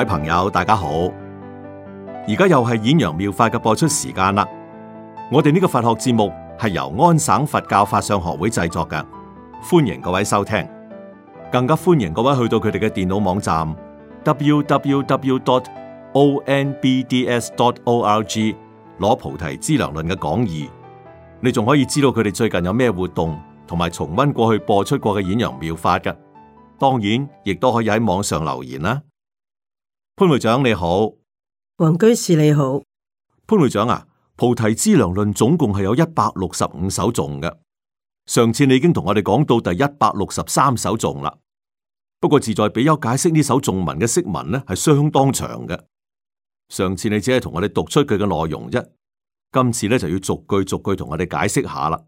各位朋友，大家好！而家又係演揚妙法嘅播出時間啦。我哋呢個佛學節目係由安省佛教法相學會製作嘅，歡迎各位收聽。更加歡迎各位去到佢哋嘅電腦網站 www.onbds.org 攞菩提資糧論嘅講義。你仲可以知道佢哋最近有咩活動，同埋重温過去播出過嘅演揚妙法㗎。當然，亦都可以喺網上留言啦。潘會長你好，黃居士你好。潘會長啊，《菩提資糧論》總共係有一百六十五首頌嘅。上次你已經同我哋講到第一百六十三首頌啦。不過自在比丘解釋呢首頌文嘅釋文咧，係相當長嘅。上次你只係同我哋讀出佢嘅內容啫，今次咧就要逐句逐句同我哋解釋下啦。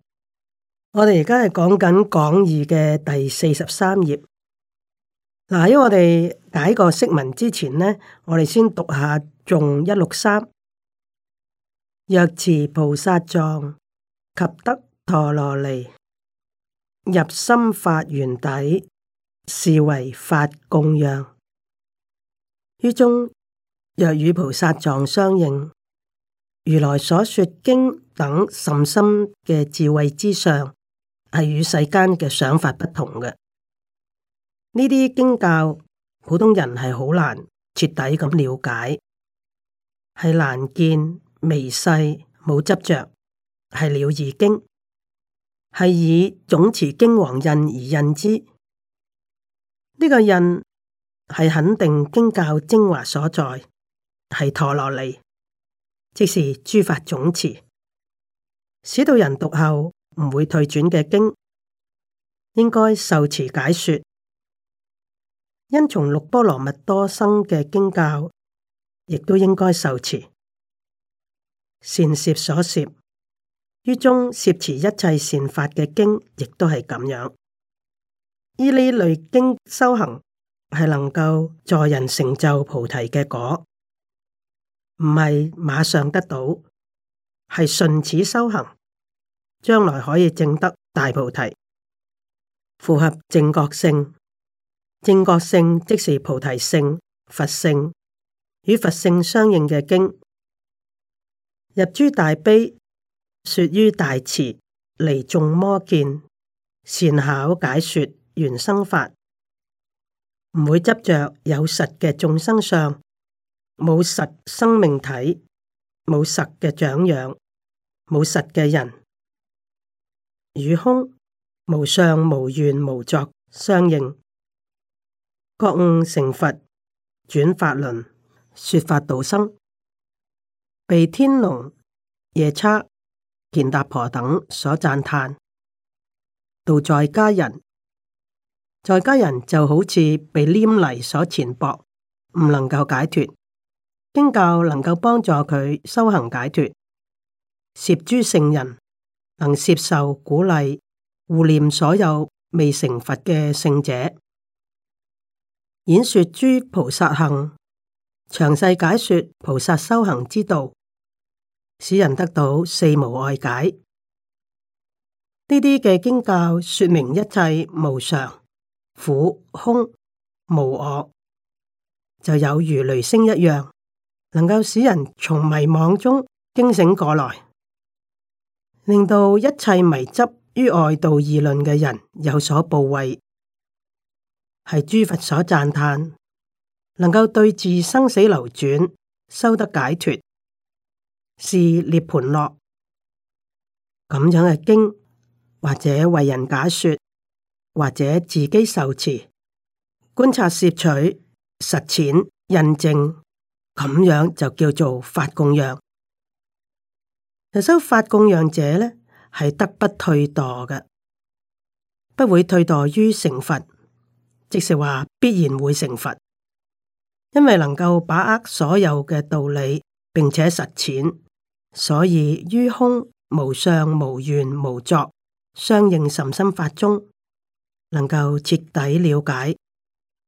我哋而家係講緊講義嘅第四十三頁。嗱，喺我哋解個釋文之前呢，我哋先讀下頌一六三，《若持菩薩藏及得陀羅尼入深法源底，是為法供養。於中若與菩薩藏相應，如來所說經等甚深嘅智慧之上，係與世間嘅想法不同嘅。呢啲經教，普通人係好難徹底咁了解，係難見微細，冇執着，係了義經，係以總持經王印而印之。呢、這個印係肯定經教精華所在，係陀羅尼，即是諸法總持，使到人讀後唔會退轉嘅經，應該受持解說。因從六波羅蜜多生嘅經教，亦都應該受持；善攝所攝，於中攝持一切善法嘅經，亦都係咁樣。依呢類經修行，係能夠助人成就菩提嘅果，唔係馬上得到，係順此修行，將來可以證得大菩提，符合正覺性。正覺性即是菩提性、佛性，與佛性相應嘅經。入諸大悲，說於大慈，離眾魔見，善巧解說緣生法，唔會執著有實嘅眾生相，冇實生命體，冇實嘅長養，冇實嘅人，與空無相、無願、無作相應。覺悟成佛，轉法輪，說法度生，被天龍夜叉乾達婆等所讚歎。度在家人，在家人就好似被黏泥所纏縛，唔能夠解脱。經教能夠幫助佢修行解脫。攝諸聖人，能接受鼓勵，護念所有未成佛嘅聖者。演說諸菩薩行，詳細解說菩薩修行之道，使人得到四無礙解。呢啲嘅經教說明一切無常、苦、空、無我，就有如雷聲一樣，能夠使人從迷惘中驚醒過來，令到一切迷執於外道議論嘅人有所怖畏。係諸佛所讚嘆，能夠對治生死流轉，修得解脫，是涅槃樂。咁樣嘅經，或者為人解說，或者自己受持，觀察攝取，實踐印證，咁樣就叫做法供養。修法供養者呢，係得不退墮嘅，不會退墮於成佛。即是話必然會成佛，因為能夠把握所有嘅道理並且實踐，所以於空無相無願無作相應甚深法中，能夠徹底了解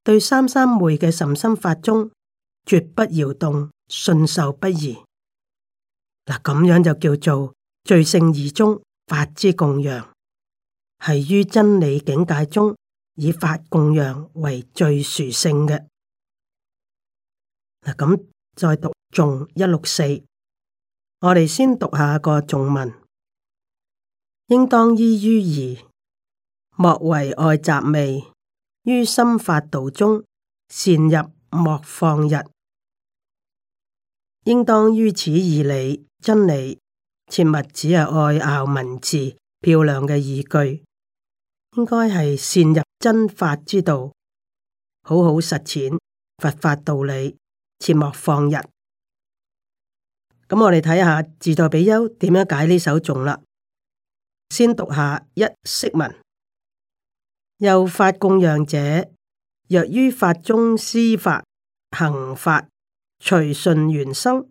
對三三昧嘅甚深法中絕不搖動，信受不疑。嗱，咁樣就叫做最勝二宗法之供養，係於真理境界中。以法供養為最殊勝嘅。嗱，咁、啊、再讀眾一六四，我哋先讀下個眾文，應當依於義，莫為愛雜味，於心法道中，善入莫放逸。」「應當於此義理真理，切勿只係愛拗文字漂亮嘅語句。應該係善入真法之道，好好實踐佛法道理，切莫放逸。咁我哋睇下自在比丘點樣解呢首頌啦。先讀下一釋文：，又法供養者，若於法中施法行法隨順緣生，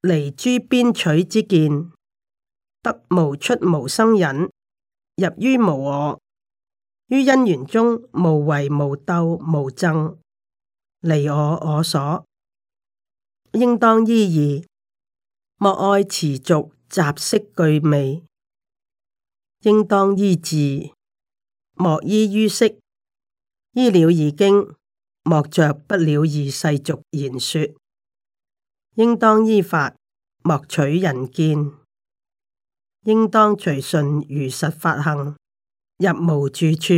離諸邊取之見，得無出無生忍，入於無我。於因緣中，無為無鬥無憎，離我我所，應當依義；莫愛持俗雜式俱味，應當依智；莫依於識，依了義經，莫着不了義世俗言說；應當依法，莫取人見；應當隨順如實法行。入無住處，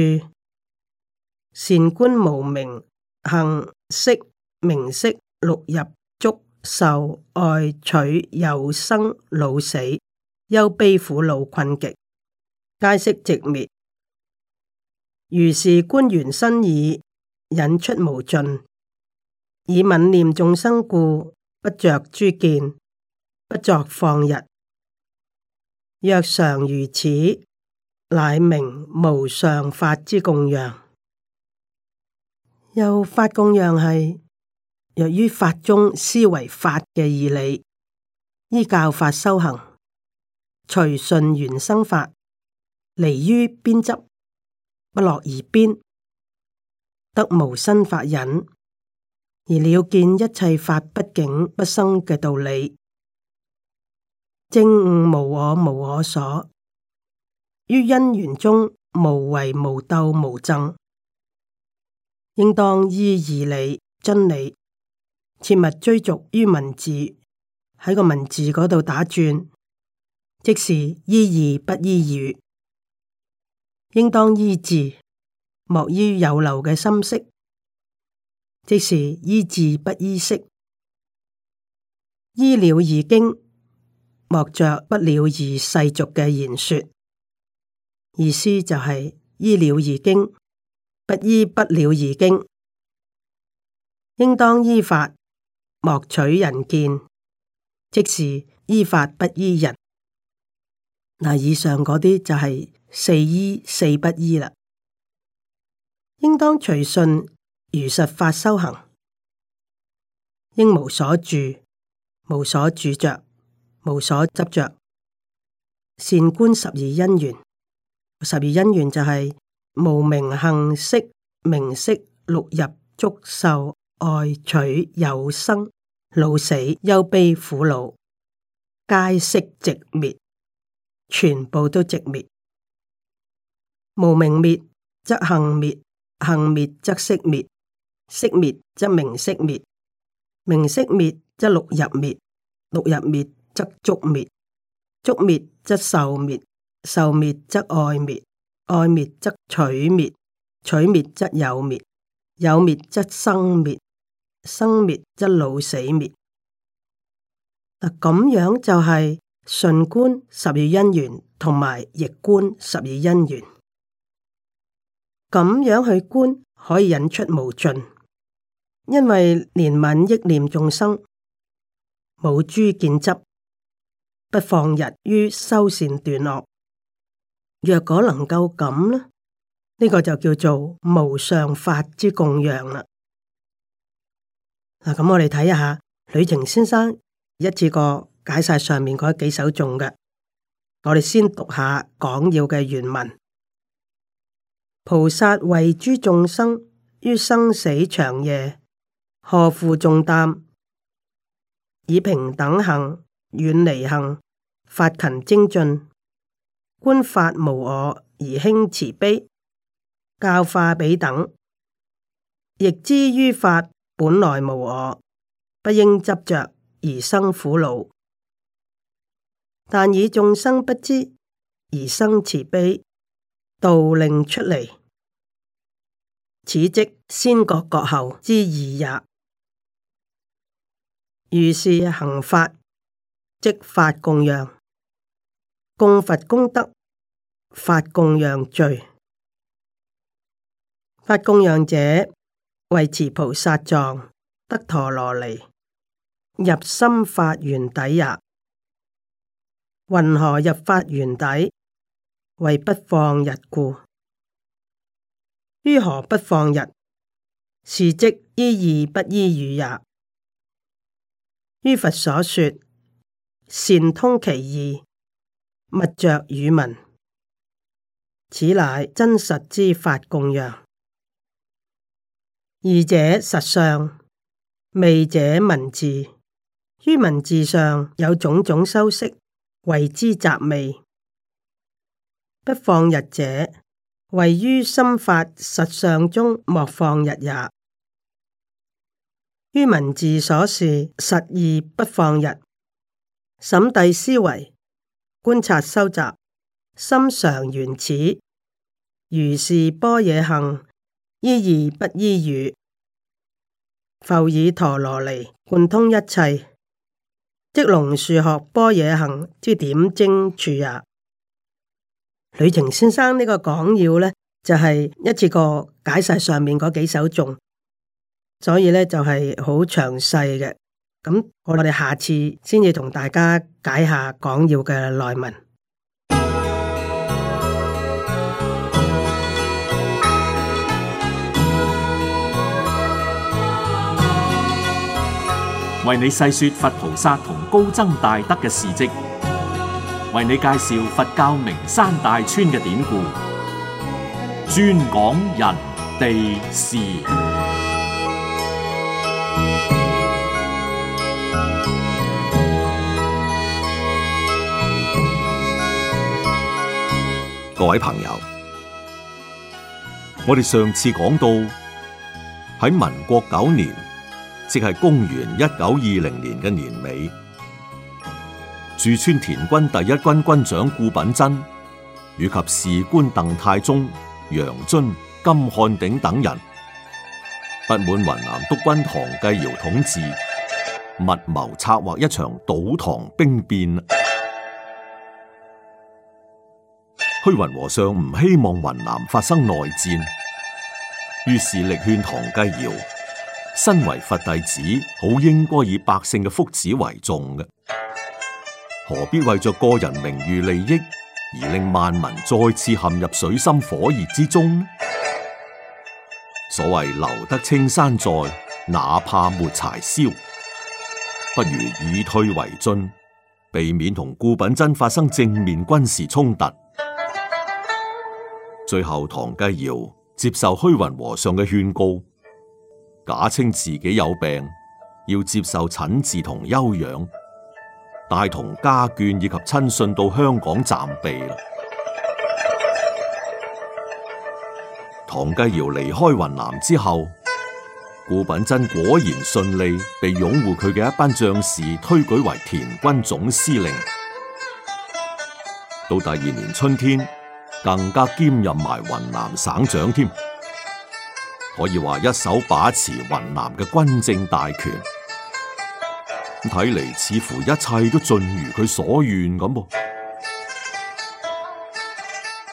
善觀無明，行識、名色、六入、觸、受、愛取、有生、老死、憂悲苦惱困極，皆悉寂滅。如是觀緣身已引出無盡，以憫念眾生故，不着諸見，不作放逸。若常如此。乃名無上法之供養，又法供養係若於法中思維法嘅義理，依教法修行，隨順緣生法，離於邊執，不落二邊，得無身法忍，而了見一切法不境不生嘅道理，正悟無我無我所。於因緣中無為無鬥無爭，應當依義理真理，切勿追逐於文字，喺個文字嗰度打轉，即是依義不依語；應當依智，莫於有漏嘅心識，即是依智不依識；依了而經，莫着不了而世俗嘅言說。意思就係依了而經，不依不了而經。應當依法莫取人見，即是依法不依人。那以上嗰啲就係四依四不依啦。應當隨順如實法修行，應無所住，無所住着，無所執着，善觀十二因緣。十二因緣就係、是、無名幸識、名、識、六入、足受、愛、取、有、生、老、死、憂悲、苦惱，皆悉直滅，全部都直滅。無名滅則幸滅，幸滅則識滅，識滅則名識滅，名識滅則六入滅，六入滅則足滅，足滅則受滅。受滅則愛滅，愛滅則取滅，取滅則有滅，有滅則生滅，生滅則老死滅。嗱、啊，咁樣就係順觀十二因緣，同埋逆觀十二因緣。咁樣去觀可以引出無盡，因為憐憫憶念眾生，無諸見執，不放逸於修善斷惡。若果能夠咁呢，呢、這個就叫做無上法之供養喇。嗱，咁、啊嗯、我哋睇一下呂程先生一次過解晒上面嗰幾首頌嘅。我哋先讀下講要嘅原文。菩薩為諸眾生於生死長夜荷負重擔，以平等行遠離行發勤精進。觀法無我而興慈悲，教化彼等，亦知於法本來無我，不應執着而生苦惱。但以眾生不知而生慈悲，導令出離。此即先覺覺後之義也。如是行法，即法供養。供佛功德，法供養罪。法供養者為持菩薩藏，得陀羅尼，入心法源底也。云何入法源底？為不放日故。於何不放日？是即依義不依語也。於佛所說，善通其義。勿着語文，此乃真實之法供養。二者實相，未者文字，於文字上有種種修飾，為之雜味。不放日者，位於心法實相中，莫放日也。於文字所示，實義不放日。審諦思維。觀察收集，心常原始，如是般若行，依而不依語，浮以陀羅尼，貫通一切，即龍樹學般若行之點睛處也。呂澂先生呢個講要呢，就係、是、一次過解釋上面嗰幾首頌，所以呢，就係好詳細嘅。咁我哋下次先至同大家解下講要嘅內文。為你細說佛菩薩同高僧大德嘅事蹟，為你介紹佛教名山大川嘅典故，專講人地事。各位朋友，我哋上次講到喺民國九年，即係公元一九二零年嘅年尾，駐川田軍第一軍軍長顧品珍以及士官鄧泰忠、楊遵、金漢鼎等人不滿雲南督軍唐繼堯統治，密謀策劃一場倒唐兵變。虛雲和尚唔希望雲南發生內戰，於是力勸唐繼堯：身為佛弟子，好應該以百姓嘅福祉為重嘅，何必為著個人名譽利益而令萬民再次陷入水深火熱之中呢？所謂留得青山在，哪怕沒柴燒，不如以退為進，避免同顧品珍發生正面軍事衝突。最後，唐繼堯接受虛雲和尚嘅勸告，假稱自己有病，要接受診治同休養，帶同家眷以及親信到香港暫避。唐繼堯離開雲南之後，顧品珍果然順利被擁護佢嘅一班將士推舉為滇軍總司令。到第二年春天，更加兼任埋雲南省長添，可以話一手把持雲南嘅軍政大權。睇嚟，似乎一切都盡如佢所願咁噃。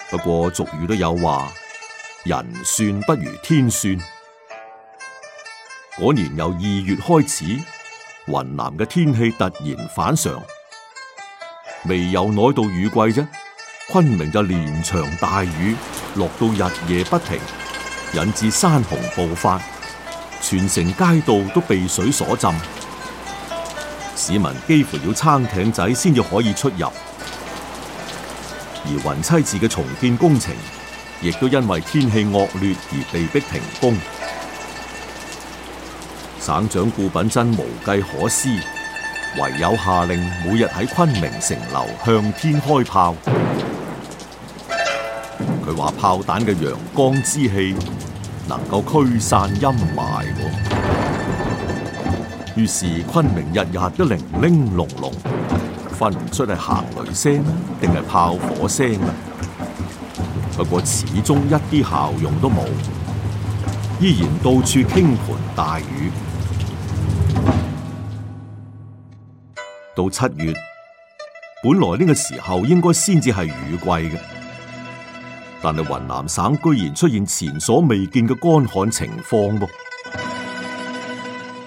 不過俗語都有話：人算不如天算。嗰年由二月開始，雲南嘅天氣突然反常，未有耐到雨季啫。昆明，就連場大雨，落到日夜不停，引致山洪暴發，全城街道都被水所浸，市民幾乎要撐艇仔先至可以出入。而雲棲寺嘅重建工程，亦都因為天氣惡劣而被迫停工。省長顧品珍無計可施，唯有下令每日喺昆明城樓向天開炮。佢話炮彈嘅陽光之氣能夠驅散陰霾。哦，於是昆明日日都零零隆隆，分唔出係行雷聲啊，定係炮火聲啊。不過始終一啲效用都冇，依然到處傾盆大雨。到七月，本來呢個時候應該先至係雨季嘅。但係雲南省居然出現前所未見嘅乾旱情況，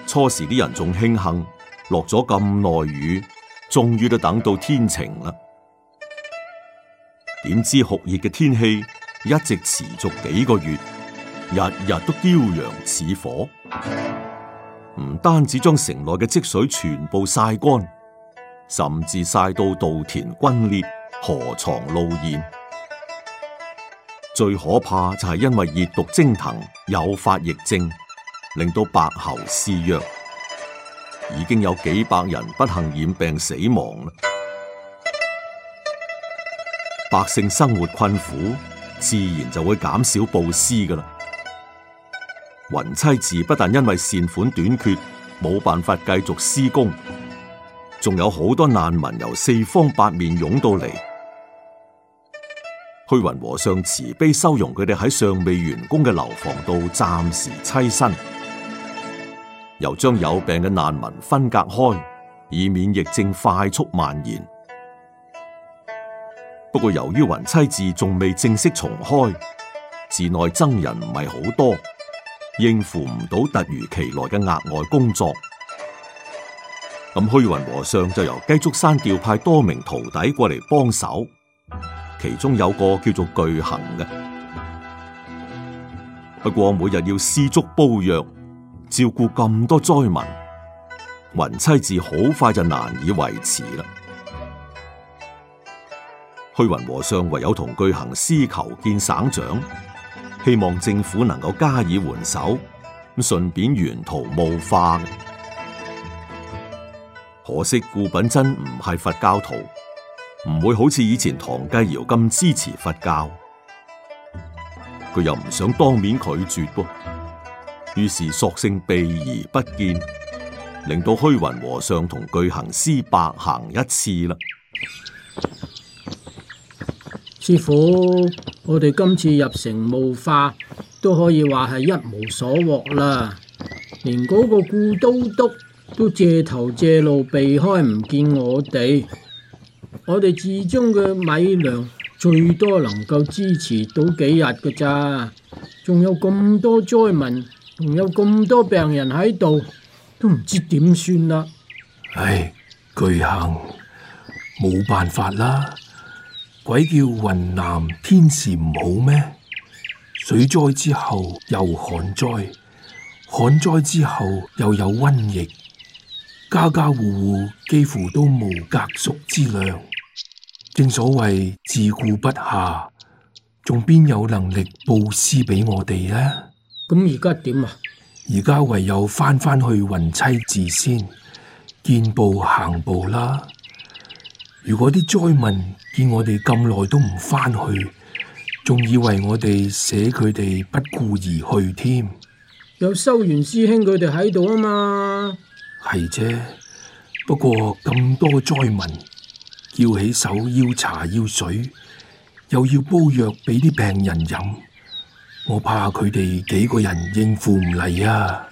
初時啲人仲慶幸落咗咁耐雨，終於都等到天晴啦。點知酷熱嘅天氣一直持續幾個月，日日都驕陽似火，唔單止將城內嘅積水全部曬乾，甚至曬到稻田龜裂、河床露現。最可怕就係因為熱毒蒸騰，誘發疫症，令到白喉肆虐，已經有幾百人不幸染病死亡。百姓生活困苦，自然就會減少布施噶啦。雲棲寺不但因為善款短缺，冇辦法繼續施工，仲有好多難民由四方八面湧到嚟。虛雲和尚慈悲收容佢哋喺尚未完工嘅樓房度暫時棲身，又將有病嘅難民分隔開，以免疫症快速蔓延。不過由於雲棲寺仲未正式重開，寺內僧人唔係好多，應付唔到突如其來嘅額外工作。咁虛雲和尚就由雞足山調派多名徒弟過嚟幫手。其中有個叫做巨行嘅。不過每日要施粥煲藥，照顧咁多災民，雲棲寺好快就難以維持啦。虛雲和尚唯有同巨行私求見省長，希望政府能夠加以援手，咁順便沿途募化。可惜顧品珍唔係佛教徒。唔會好似以前唐繼堯咁支持佛教，佢又唔想當面拒絕噃，於是索性避而不見，令到虛雲和尚同巨行師白行一次啦。師傅，我哋今次入城募化，都可以話係一無所獲啦，連嗰個顧都督都，都，都借頭借路避開唔見我哋。我哋寺中嘅米糧最多能夠支持到幾日嘅咋？仲有咁多災民，仲有咁多病人喺度，都唔知點算啦。唉，具行冇辦法啦。鬼叫雲南天時唔好咩？水災之後又旱災，旱災之後又有瘟疫，家家戶戶幾乎都冇隔宿之糧。正所謂自顧不暇，仲邊有能力布施畀我哋咧？咁而家點啊？而家唯有翻返去雲棲寺先，見步行步啦。如果啲災民見我哋咁耐都唔翻去，仲以為我哋捨佢哋不顧而去添。有修緣師兄佢哋喺度啊嘛？係啫，不過咁多災民。叫起手要茶要水，又要煲藥俾啲病人飲，我怕佢哋幾個人應付唔嚟啊！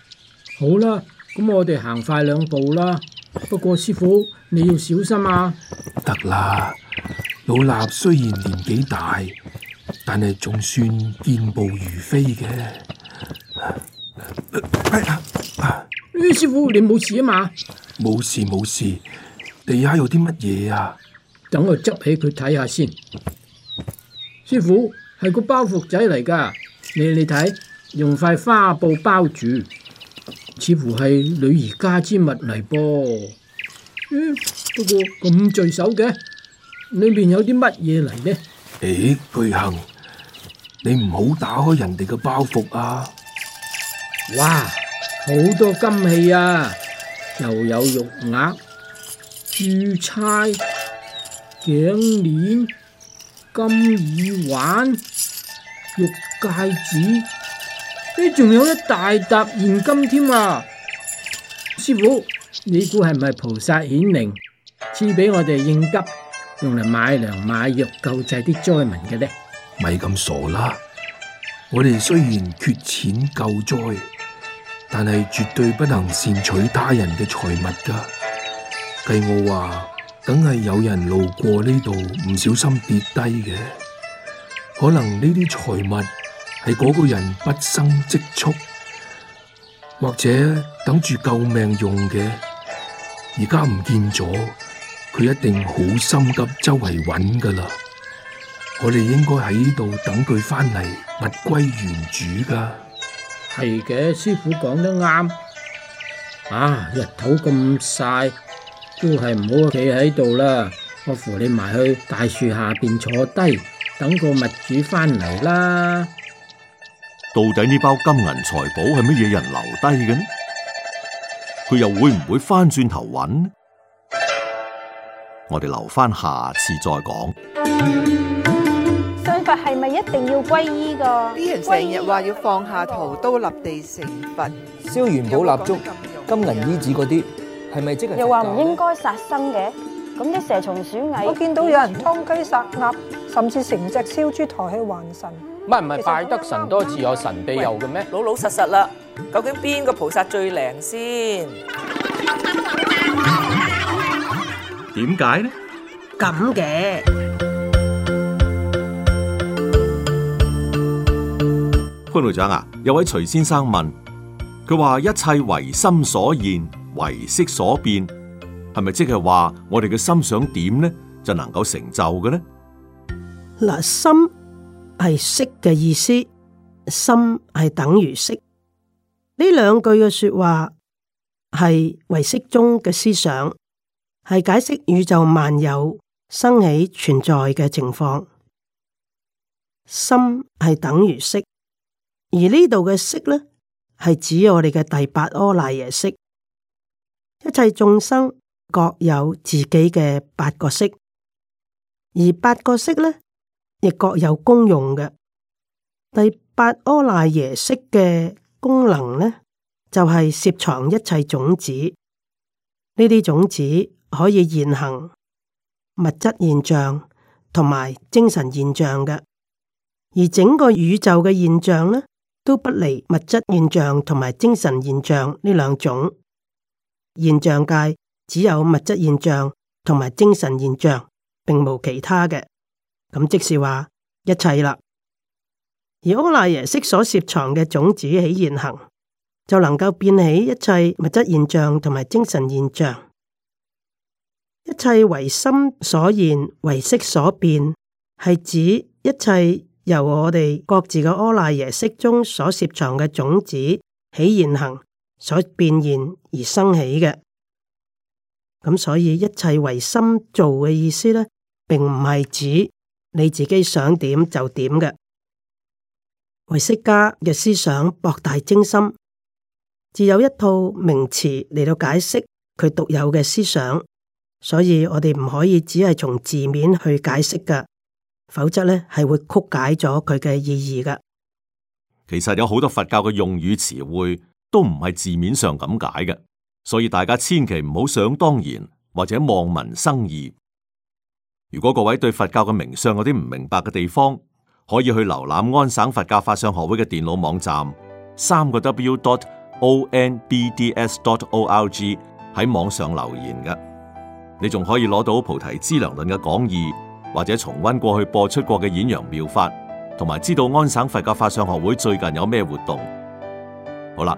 好啦，咁我哋行快兩步啦。不過師傅你要小心啊！得啦，老衲雖然年紀大，但係仲算健步如飛嘅。哎 呀，師傅你冇事啊嘛？冇事冇事。地下有啲乜嘢啊？等我執起佢睇下先。師傅係個包袱仔嚟噶，你嚟睇，用塊花布包住，似乎係女兒家之物嚟噃。嗯，不過咁墜手嘅，裏面有啲乜嘢嚟呢？誒，具行，你唔好打開人哋嘅包袱啊！哇，好多金器啊，又有玉鐲。珠釵、頸鏈、金耳環、玉戒指，呢仲有一大沓現金添啊！師傅，你估係唔係菩薩顯靈賜俾我哋應急，用嚟買糧買藥救濟啲災民嘅呢？咪咁傻啦！我哋雖然缺錢救災，但係絕對不能擅取他人嘅財物噶。計我話，梗係有人路過呢度唔小心跌低嘅，可能呢啲財物係嗰個人畢生積蓄，或者等住救命用嘅，而家唔見咗，佢一定好心急周圍揾噶啦。我哋應該喺呢度等佢翻嚟物歸原主噶。係嘅，師傅講得啱。啊，日頭咁曬。都係唔好企喺度啦，我扶你埋去大樹下邊坐低，等個物主翻嚟啦。到底呢包金銀財寶係乜嘢人留低嘅呢？佢又會唔會翻轉頭揾呢？我哋留翻下次再講。信佛係咪一定要皈依個？成日話要放下屠刀立地成佛，燒元寶蠟燭、有有金銀衣紙嗰啲。又話唔應該殺生嘅，咁啲蛇蟲鼠蟻，我見到有人劏雞殺鴨，甚至成隻燒豬抬去還神。唔係唔係，拜得神多自有神庇佑嘅咩？老老實實啦，究竟邊個菩薩最靈先？點解呢？咁嘅潘隊長啊，有位徐先生問，佢話一切唯心所現，唯識所變，係咪即係話我哋嘅心想點呢，就能夠成就嘅呢？嗱，心係識嘅意思，心係等於識。呢兩句嘅說話係唯識中嘅思想，係解釋宇宙萬有生起存在嘅情況。心係等於識，而呢度嘅識咧係指我哋嘅第八阿賴耶識。一切眾生各有自己嘅八個識，而八個識呢亦各有功用嘅。第八阿賴耶識嘅功能呢，就係、是、攝藏一切種子，呢啲種子可以現行物質現象同埋精神現象嘅。而整個宇宙嘅現象呢，都不離物質現象同埋精神現象呢兩種。現象界只有物質現象同埋精神現象，並無其他嘅，咁即是話一切啦。而阿賴耶識所攝藏嘅種子起現行，就能夠變起一切物質現象同埋精神現象。一切唯心所現，唯識所變，係指一切由我哋各自嘅阿賴耶識中所攝藏嘅種子起現行，所變現而生起嘅，咁所以一切唯心造嘅意思咧，並唔係指你自己想點就點嘅。為釋家嘅思想博大精深，自有一套名詞嚟到解釋佢獨有嘅思想，所以我哋唔可以只係從字面去解釋噶，否則咧係會曲解咗佢嘅意義噶。其實有好多佛教嘅用語詞彙。都唔係字面上咁解嘅，所以大家千祈唔好想當然或者望文生義。如果各位對佛教嘅名相有啲唔明白嘅地方，可以去瀏覽安省佛教法相學會嘅電腦網站，三個 W dot O N B D S dot O L G 喺網上留言嘅。你仲可以攞到《菩提資糧論》嘅講義，或者重溫過去播出過嘅顯揚妙法，同埋知道安省佛教法相學會最近有咩活動。好啦。